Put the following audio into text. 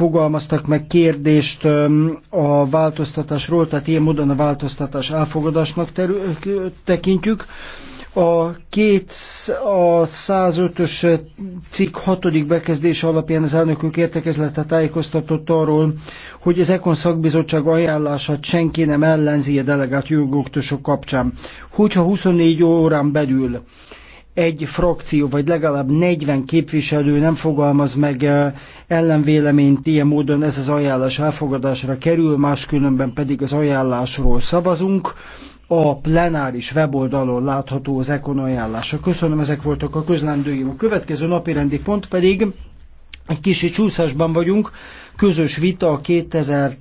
fogalmaztak meg kérdést a változtatásról, tehát ilyen módon a változtatás elfogadásnak tekintjük. A, két, a 105-ös cikk hatodik bekezdése alapján az elnökök értekezlete tájékoztatott arról, hogy az Ekon szakbizottság ajánlását senki nem ellenzi a delegált jogoktosok kapcsán. Hogyha 24 órán belül egy frakció, vagy legalább 40 képviselő nem fogalmaz meg eh, ellenvéleményt, ilyen módon ez az ajánlás elfogadásra kerül, máskülönben pedig az ajánlásról szavazunk. A plenáris weboldalon látható az ekon ajánlása. Köszönöm, ezek voltak a közlendőim. A következő napi rendi pont pedig egy kicsi csúszásban vagyunk, közös vita a 2010